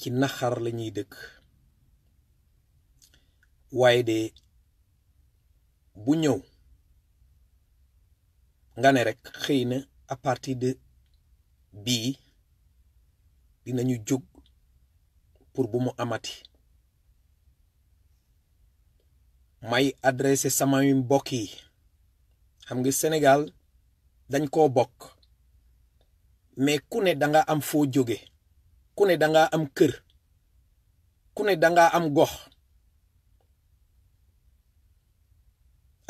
ci naxar lañuy dëkk waaye de bu ñëw nga ne rek xëy na à partir de bii dinañu jóg pour bu mu amati may adressé samay mbokk yi xam nga Sénégal dañ koo bokk mais ku ne da nga am foo jóge ku ne dangaa am kër ku ne dangaa am gox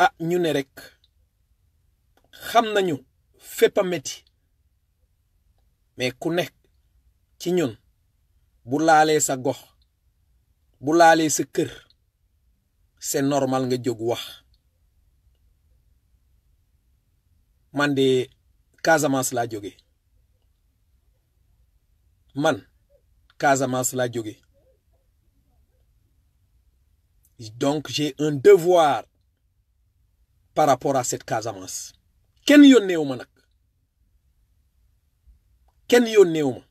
ah ñu ne rekk xam nañu fépp a metti mais ku nekk ci ñun bu laalee sa gox bu laalee sa kër c'est normal nga jóg wax man de Casamance laa jóge man Casamance laa jóge donc j'ai un devoir par rapport à cette Casamance kenn yónneewu ma nag kenn yónneewu ma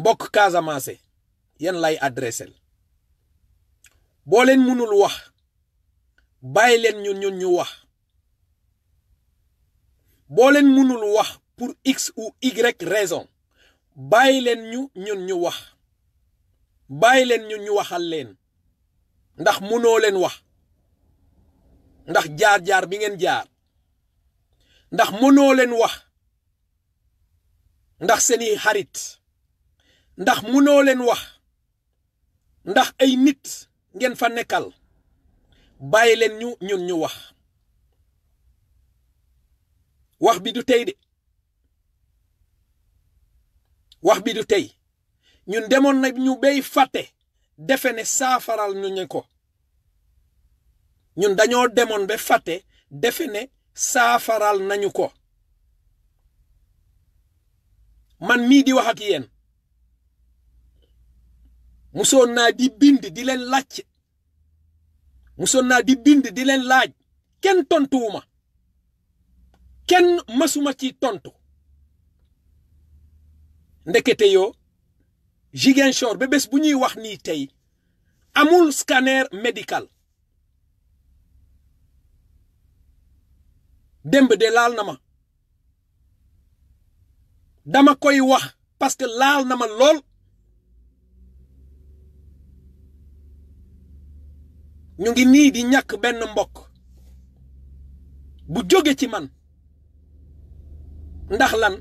mbokk Casamance yan lay adressel booleen leen mënul wax bàyyi leen ñun ñun ñu wax boo leen mënul wax pour x ou y raison bàyyi leen ñu ñun ñu wax bàyyi leen ñun ñu waxal leen ndax mënoo leen wax ndax jaar-jaar bi ngeen jaar ndax mënoo leen wax ndax seeni xarit ndax mënoo leen wax ndax ay nit ngeen fa nekkal bàyyi leen ñu ñun ñu wax wax bi du tey de wax bi du tey ñun demoon na ñu béy fàtte defe ne saafaral nañu ko ñun dañoo demoon ba fàtte defe ne saafaral nañu ko man mii di wax ak yéen musoon naa di bind di leen laaj musoon naa di bind di leen laaj kenn tontuwuma kenn masuma ci tontu ndekete yoo Ziguinchor ba bés bu ñuy wax nii tey amul scanner médical démb de laal na ma dama koy wax parce que laal na ma lool ñu ngi nii di ñàkk benn mbokk bu jóge ci man ndax lan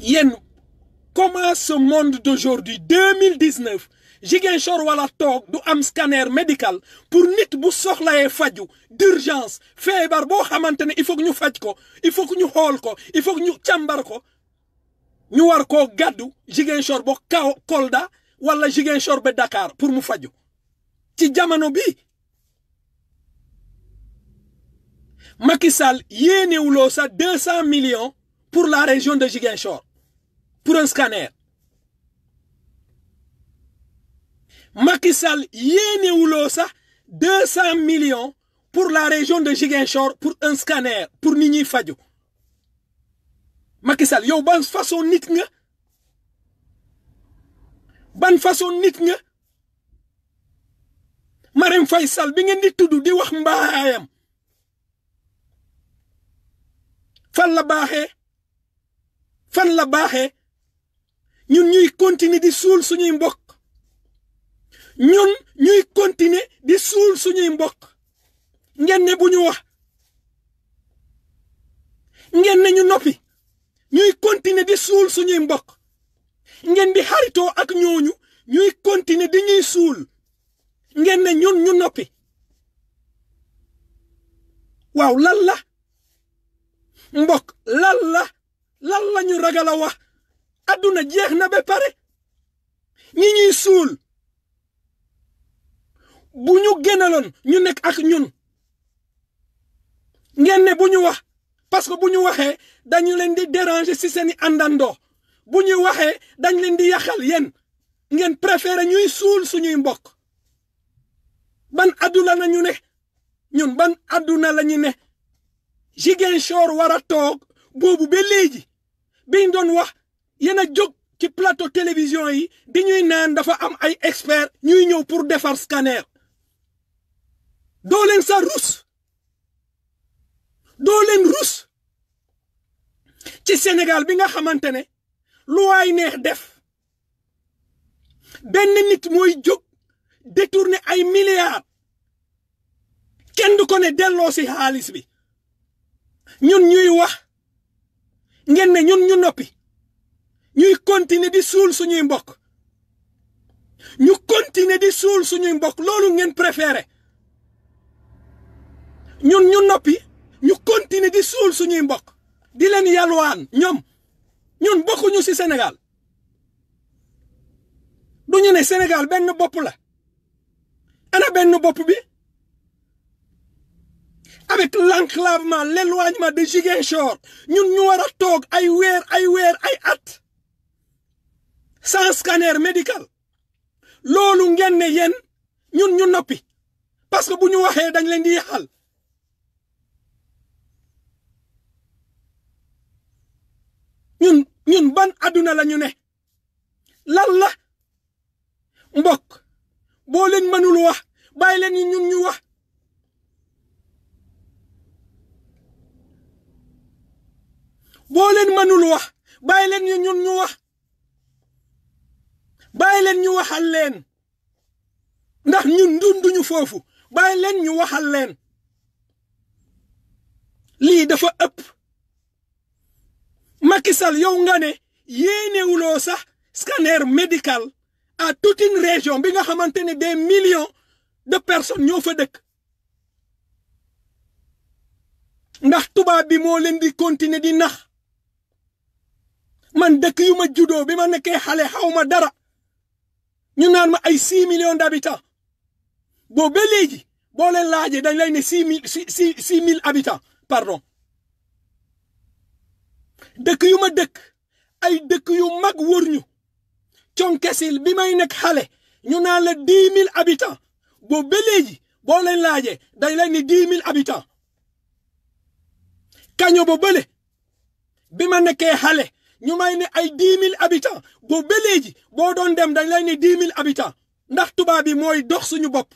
yéen comment ce monde d'aujourd'hui 2019 Ziguinchor wala toog du am scanner médical pour nit bu soxlayee faju d'urgence feebar boo xamante ne il faut ñu faj ko il faut ñu xool ko il faut ñu càmbar ko ñu war koo gàddu Ziguinchor ba kaw Kolda wala Ziguinchor ba Dakar pour mu faju ci jamono bi Macky Sall yéenewuloo sa deux cent millions pour la région de Ziguinchor pour un scanner Macky Sall sax deux cent pour la région de Ziguinchor pour un scanner pour nit ñuy faju Macky yow ban façon nit nga ban façon nit nga Marème fay sal bi ngeen di tudd di wax mbaayam fan la baaxee fan la baaxee ñun ñuy continuer di suul suñuy mbokk ñun ñuy continuer di suul suñuy mbokk ngeen ne bu ñu wax ngeen ne ñu noppi ñuy continuer di suul suñuy mbokk ngeen di xaritoo ak ñooñu ñuy continuer di ñuy suul ngeen ne ñun ñu noppi waaw lan la mbokk lan la lan la ñu ragal a wax adduna jeex na ba pare ñi ñuy suul bu ñu génnaloon ñu nekk ak ñun ngeen ne bu ñu wax parce que bu ñu waxee dañu leen di déranger si seeni àndandoo bu ñuy waxee dañ leen di yàqal yéen ngeen préféré ñuy suul suñuy mbokk ban adduna la ñu ne ñun ban adduna la ñu ne Ziguinchor war a toog boobu ba léegi biñ doon wax yéen a jóg ci plateau télévision yi di ñuy naan dafa am ay experts ñuy ñëw pour defar scanner doo leen sa rus doo leen rus ci Sénégal bi nga xamante ne lu waay neex def benn nit mooy jóg détourner ay milliards kenn du ko ne delloo si xaalis bi ñun ñuy wax ngeen ne ñun ñu noppi. ñuy continuer di suul suñuy mbokk ñu continuer di suul suñuy mbokk loolu ngeen préféré ñun ñu noppi ñu continuer di suul suñuy mbokk di leen yalwaan ñoom ñun bokkuñu ci senegal du ñu ne Sénégal benn bopp la ana benn bopp bi avec l'enclavement l'éloignement de Ziguinchor ñun ñu war a toog ay weer ay weer ay at sans scanner médical loolu ngeen ne yéen ñun ñu noppi parce que bu ñu waxee dañ leen di yàqal ñun ñun ban adduna la ñu ne lan la mbokk boo leen mënul wax ñun ñu wax boo leen mënul wax bàyyi leen ñun ñu wax bàyyi leen ñu waxal leen ndax ñun dunduñu foofu bàyyi leen ñu waxal leen lii dafa ëpp Macky yow nga ne yéenewuloo sax scanner médical à toute une région bi nga xamante ne des millions de personnes ñoo fa dëkk ndax tubaab bi moo leen di continuer di nax man dëkk yu ma juddoo bi ma nekkee xale xaw ma dara ñu naan ma ay six millions d'habitants boobu ba léegi boo leen laajee dañ lay ne six mille six six mille habitants pardon dëkk yu ma dëkk ay dëkk yu mag wër ñu conkesil bi may nekk xale ñu naan la dix mille habitants boobu ba léegi boo leen laajee dañ lay ne dix mille habitants kaño ba bële bi ma nekkee xale ñu may ne ay dix mille habitants boobu boo doon dem dañ lay ne dix mille ndax tubaab yi mooy dox suñu bopp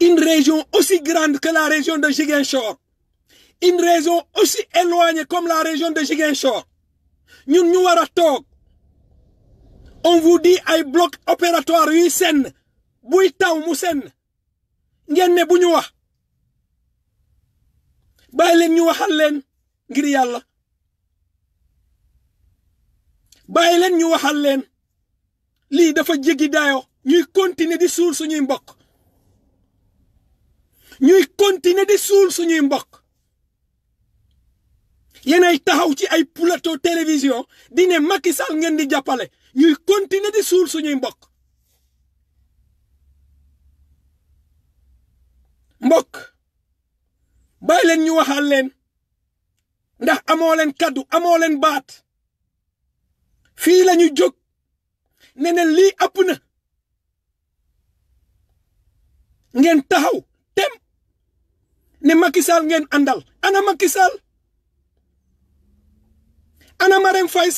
une région aussi grande que la région de Ziguinchor une région aussi éloignée comme la région de Ziguinchor ñun ñu war a toog on vous dit ay bloc opératoire yuy senn buy taw mu senn ngeen ne bu ñu wax bàyyi ñu waxal ngir yàlla bàyyi leen ñu waxal leen lii dafa jéggi dayoo ñuy continuer di suul suñuy mbokk ñuy continuer di suul suñuy mbokk yéenay taxaw ci ay plateau télévision di ne Macky ngeen di jàppale ñuy continuer di suul suñuy mbokk mbokk bàyyi leen ñu waxal leen ndax amoo leen kàddu amoo leen baat fii la ñu jóg ne ne lii ëpp na ngeen taxaw tem ne Macky ngeen àndal ana Macky Sall ana Marème Faye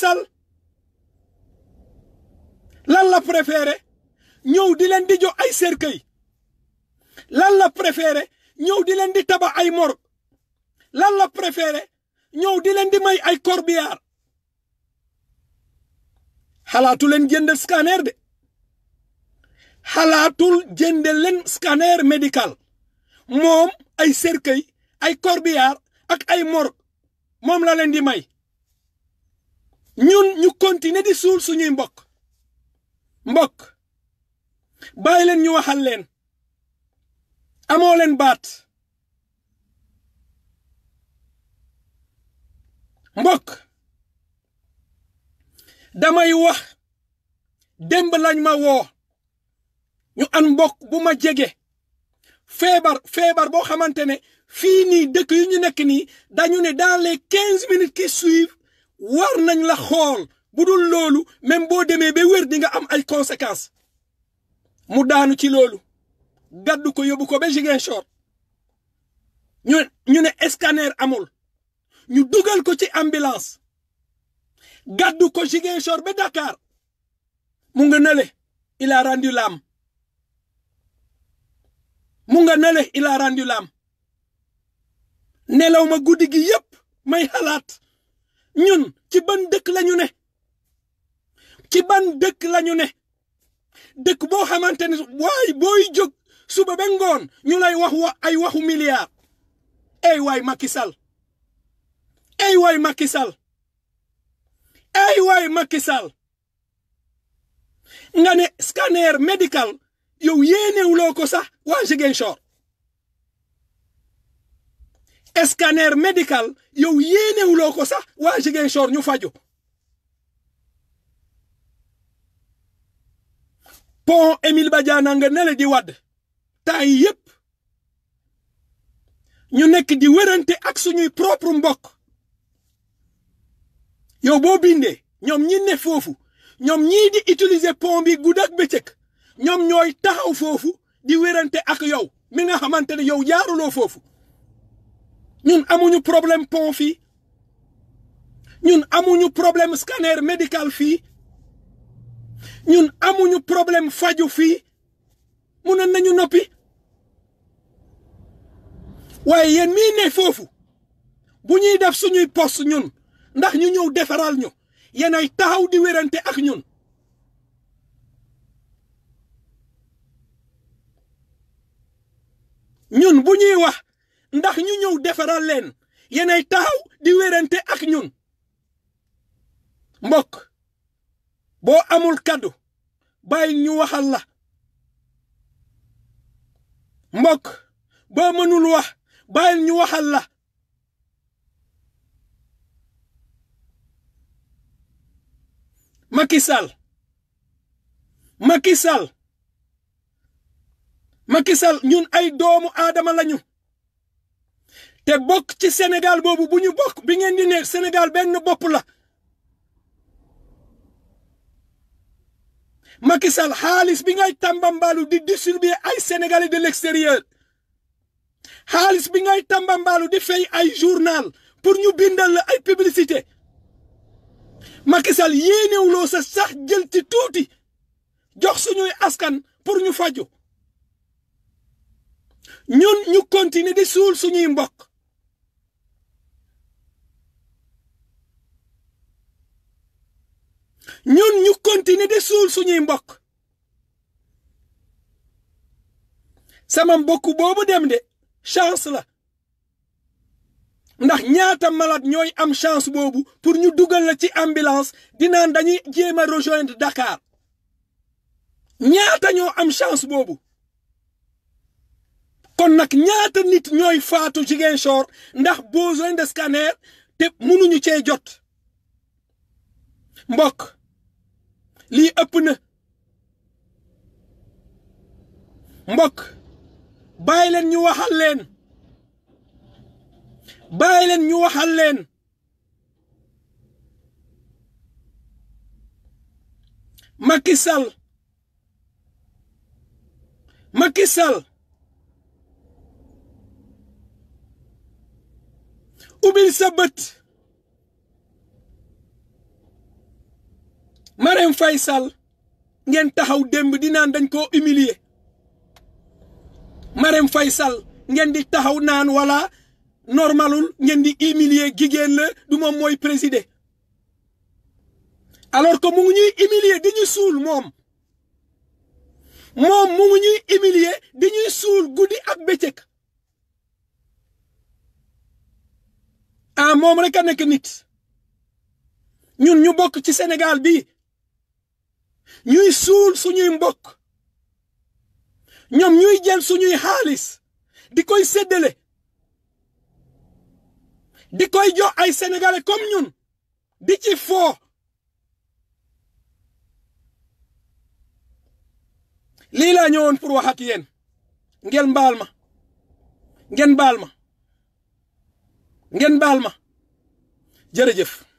lan la préféré ñëw di leen di jox ay cercueil lan la préféré ñëw di leen di tabax ay mor lan la préféré ñëw di leen di may ay corbillard xalaatul leen jëndal scanner de xalaatul jëndal leen scanner médical moom ay cercueil ay corbillard ak ay morgue moom la leen di may ñun ñu continuer di suul suñuy mbokk mbokk bàyyi leen ñu waxal leen amoo leen baat mbokk damay wax démb lañ ma woo ñu am mbokk bu ma jege feebar feebar boo xamante ne fii nii dëkk yu ñu nekk nii dañu ne dans les quinze minutes qui war nañ la xool bu dul loolu même boo demee ba wér di nga am ay conséquences mu daanu ci loolu gàddu ko yóbbu ko ba Ziguinchor ñu ñu ne scanner amul ñu dugal ko ci ambulance gàddu ko Ziguinchor ba Dakar mun nga nale il a rendu l'âme mu nga nale il a rendu nelaw ma guddi gi yépp may xalaat ñun ci ban dëkk lañu ne ci ban dëkk lañu ne dëkk boo xamante ne waaye booy jóg suba ba ngoon ñu lay wax ay waxu milliard ey way Macky Sall ey waay Macky Sall ey waay Macky nga ne scanner médical yow yéenewuloo ko sax waa Ziguinchor scanner médical yow yéenewuloo ko sax waa Ziguinchor ñu faju po Émile Badiane nga ne la di wadd temps yi yëpp ñu nekk di wérante ak suñuy propre mbokk yow boo bindee ñoom ñi ne foofu ñoom ñii di utiliser pont bi gudd ak bëccëg ñoom ñooy taxaw foofu di wérante ak yow mi nga xamante ne yow jaaruloo foofu ñun amuñu problème pont fii ñun amuñu problème scanner médical fii ñun amuñu problème faju fii munoon nañu noppi waaye yéen mii ne foofu bu ñuy def suñuy poste ñun ndax ñu ñëw defaral ñu yéen ay taxaw di wérante ak ñun ñun bu ñuy wax ndax ñu ñëw defaral leen yéen ay taxaw di wérante ak ñun mbokk boo amul kàddu bàyyi ñu waxal la mbokk boo mënul wax bàyyil ñu waxal la Macky Sall Macky Sall Macky Sall ñun ay doomu aadama lañu te bokk ci senegal boobu bu ñu bokk bi ngeen di ne Sénégal benn bopp la Macky Sall xaalis bi ngay tàmbambaalu di bi ay sénégalais de l'extérieur xaalis bi ngay tàmbambaalu di fay ay journal pour ñu bindal ay publicité makisal Sall yéenewuloo sa sax jël ci tuuti jox suñuy askan pour ñu faju ñun ñu continuer di suñuy mbokk suul suñuy mbokk sama mbokk boobu dem de chance la ndax ñaata malade ñooy am chance boobu pour ñu dugal la ci ambulance di dañuy jéem a rejoindre Dakar ñaata ñoo am chance boobu kon nag ñaata nit ñooy faatu Ziguinchor ndax besoin de scanner te mënuñu cee jot mbokk lii ëpp na mbokk bàyyi leen ñu waxal leen leen ñu waxal leen Macky Sall Macky ubbil sa bët Marème Faye Sall ngeen taxaw démb di naan dañ koo humilier Marème Faye Sall ngeen di taxaw naan wala normalul ngeen di humilier jigéen la du moom mooy présider alors que mu ngi ñuy humilier di ñu suul moom moom mu ngi ñuy humilier di ñuy suul guddi ak bëccëg ah moom rek a nekk nit ñun ñu bokk ci Sénégal bi ñuy suul suñuy mbokk ñoom ñuy jël suñuy xaalis di koy séddale di koy jox ay sénégalais comme ñun di ci foo lii laa ñëwoon pour wax ak ngeen baal ma ngeen baal ma ngeen baal ma jërëjëf